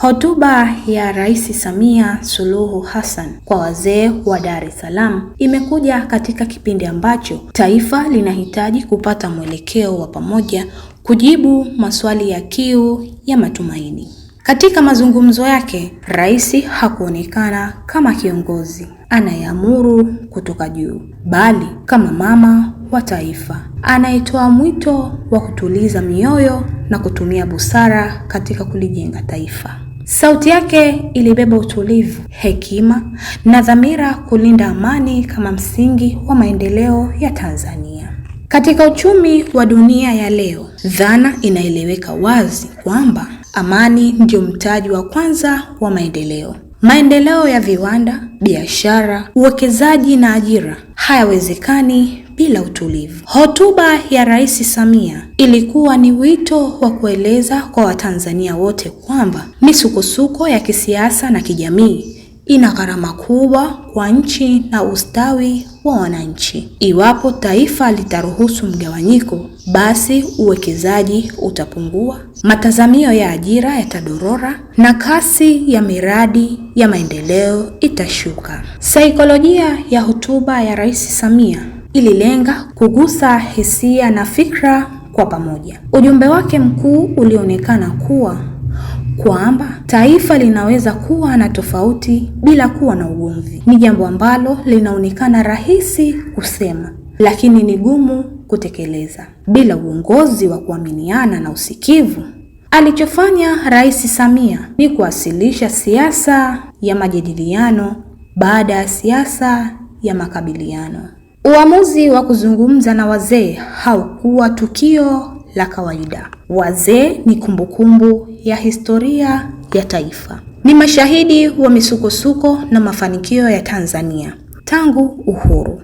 Hotuba ya Rais Samia Suluhu Hassan kwa wazee wa Dar es Salaam imekuja katika kipindi ambacho taifa linahitaji kupata mwelekeo wa pamoja kujibu maswali ya kiu ya matumaini. Katika mazungumzo yake, Rais hakuonekana kama kiongozi anayeamuru kutoka juu, bali kama mama wa taifa anayetoa mwito wa kutuliza mioyo na kutumia busara katika kulijenga taifa. Sauti yake ilibeba utulivu, hekima na dhamira kulinda amani kama msingi wa maendeleo ya Tanzania. Katika uchumi wa dunia ya leo, dhana inaeleweka wazi kwamba amani ndio mtaji wa kwanza wa maendeleo. Maendeleo ya viwanda, biashara, uwekezaji na ajira hayawezekani bila utulivu. Hotuba ya Rais Samia ilikuwa ni wito wa kueleza kwa Watanzania wote kwamba misukosuko ya kisiasa na kijamii ina gharama kubwa kwa nchi na ustawi wa wananchi. Iwapo taifa litaruhusu mgawanyiko, basi uwekezaji utapungua, matazamio ya ajira yatadorora na kasi ya miradi ya maendeleo itashuka. Saikolojia ya hotuba ya Rais Samia ililenga kugusa hisia na fikra kwa pamoja. Ujumbe wake mkuu ulionekana kuwa kwamba taifa linaweza kuwa na tofauti bila kuwa na ugomvi. Ni jambo ambalo linaonekana rahisi kusema, lakini ni gumu kutekeleza bila uongozi wa kuaminiana na usikivu. Alichofanya Rais Samia ni kuwasilisha siasa ya majadiliano baada ya siasa ya makabiliano. Uamuzi wa kuzungumza na wazee haukuwa tukio la kawaida. Wazee ni kumbukumbu ya historia ya taifa, ni mashahidi wa misukosuko na mafanikio ya Tanzania tangu uhuru.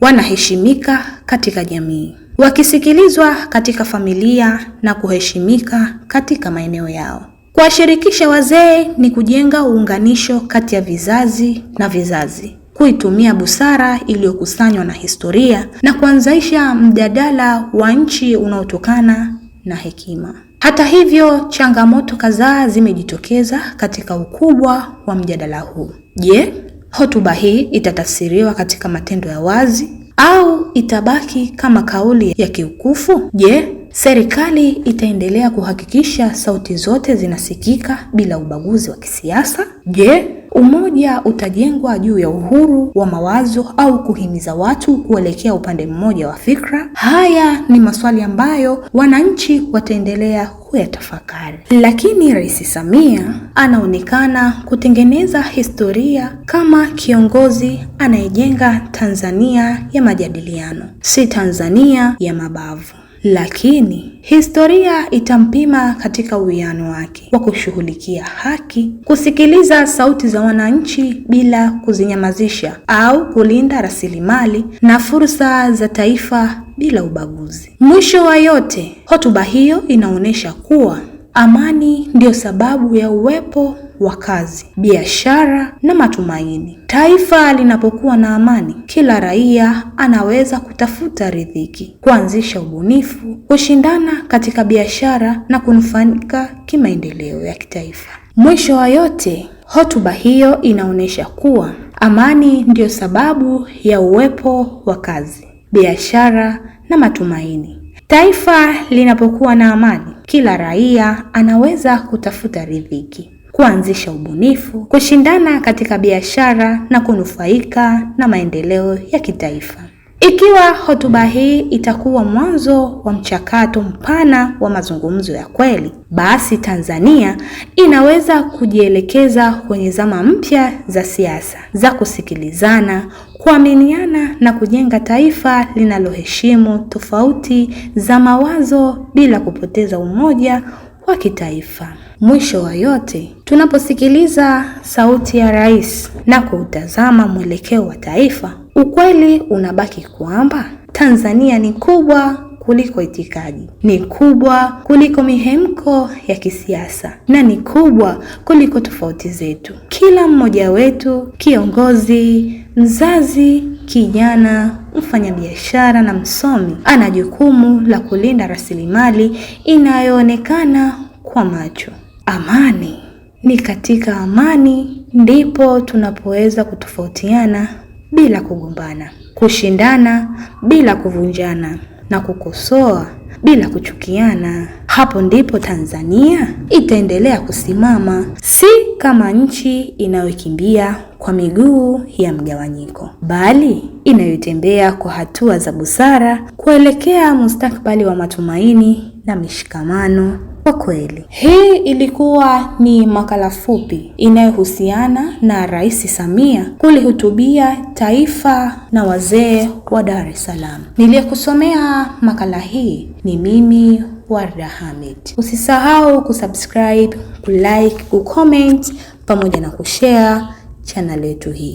Wanaheshimika katika jamii, wakisikilizwa katika familia na kuheshimika katika maeneo yao. Kuwashirikisha wazee ni kujenga uunganisho kati ya vizazi na vizazi kuitumia busara iliyokusanywa na historia na kuanzisha mjadala wa nchi unaotokana na hekima. Hata hivyo, changamoto kadhaa zimejitokeza katika ukubwa wa mjadala huu. Je, hotuba hii itatafsiriwa katika matendo ya wazi au itabaki kama kauli ya kiukufu? Je, serikali itaendelea kuhakikisha sauti zote zinasikika bila ubaguzi wa kisiasa? Je, Umoja utajengwa juu ya uhuru wa mawazo au kuhimiza watu kuelekea upande mmoja wa fikra. Haya ni maswali ambayo wananchi wataendelea kuyatafakari. Lakini Rais Samia anaonekana kutengeneza historia kama kiongozi anayejenga Tanzania ya majadiliano, si Tanzania ya mabavu lakini historia itampima katika uwiano wake wa kushughulikia haki, kusikiliza sauti za wananchi bila kuzinyamazisha, au kulinda rasilimali na fursa za taifa bila ubaguzi. Mwisho wa yote, hotuba hiyo inaonyesha kuwa amani ndiyo sababu ya uwepo wa kazi, biashara na matumaini. Taifa linapokuwa na amani, kila raia anaweza kutafuta riziki, kuanzisha ubunifu, kushindana katika biashara na kunufaika kimaendeleo ya kitaifa. Mwisho wa yote, hotuba hiyo inaonyesha kuwa amani ndiyo sababu ya uwepo wa kazi, biashara na matumaini. Taifa linapokuwa na amani, kila raia anaweza kutafuta riziki, kuanzisha ubunifu, kushindana katika biashara na kunufaika na maendeleo ya kitaifa. Ikiwa hotuba hii itakuwa mwanzo wa mchakato mpana wa mazungumzo ya kweli, basi Tanzania inaweza kujielekeza kwenye zama mpya za siasa za kusikilizana, kuaminiana na kujenga taifa linaloheshimu tofauti za mawazo bila kupoteza umoja wa kitaifa. Mwisho wa yote, tunaposikiliza sauti ya rais na kuutazama mwelekeo wa taifa, ukweli unabaki kwamba Tanzania ni kubwa kuliko itikadi, ni kubwa kuliko mihemko ya kisiasa, na ni kubwa kuliko tofauti zetu. Kila mmoja wetu, kiongozi, mzazi, kijana, mfanyabiashara na msomi, ana jukumu la kulinda rasilimali inayoonekana kwa macho amani. Ni katika amani ndipo tunapoweza kutofautiana bila kugombana, kushindana bila kuvunjana na kukosoa bila kuchukiana. Hapo ndipo Tanzania itaendelea kusimama, si kama nchi inayokimbia kwa miguu ya mgawanyiko, bali inayotembea kwa hatua za busara kuelekea mustakabali wa matumaini na mishikamano kwa kweli. Hii ilikuwa ni makala fupi inayohusiana na Rais Samia kulihutubia taifa na wazee wa Dar es Salaam. Niliyekusomea makala hii ni mimi Warda Hamid. Usisahau kusubscribe, kulike, kucomment pamoja na kushare channel yetu hii.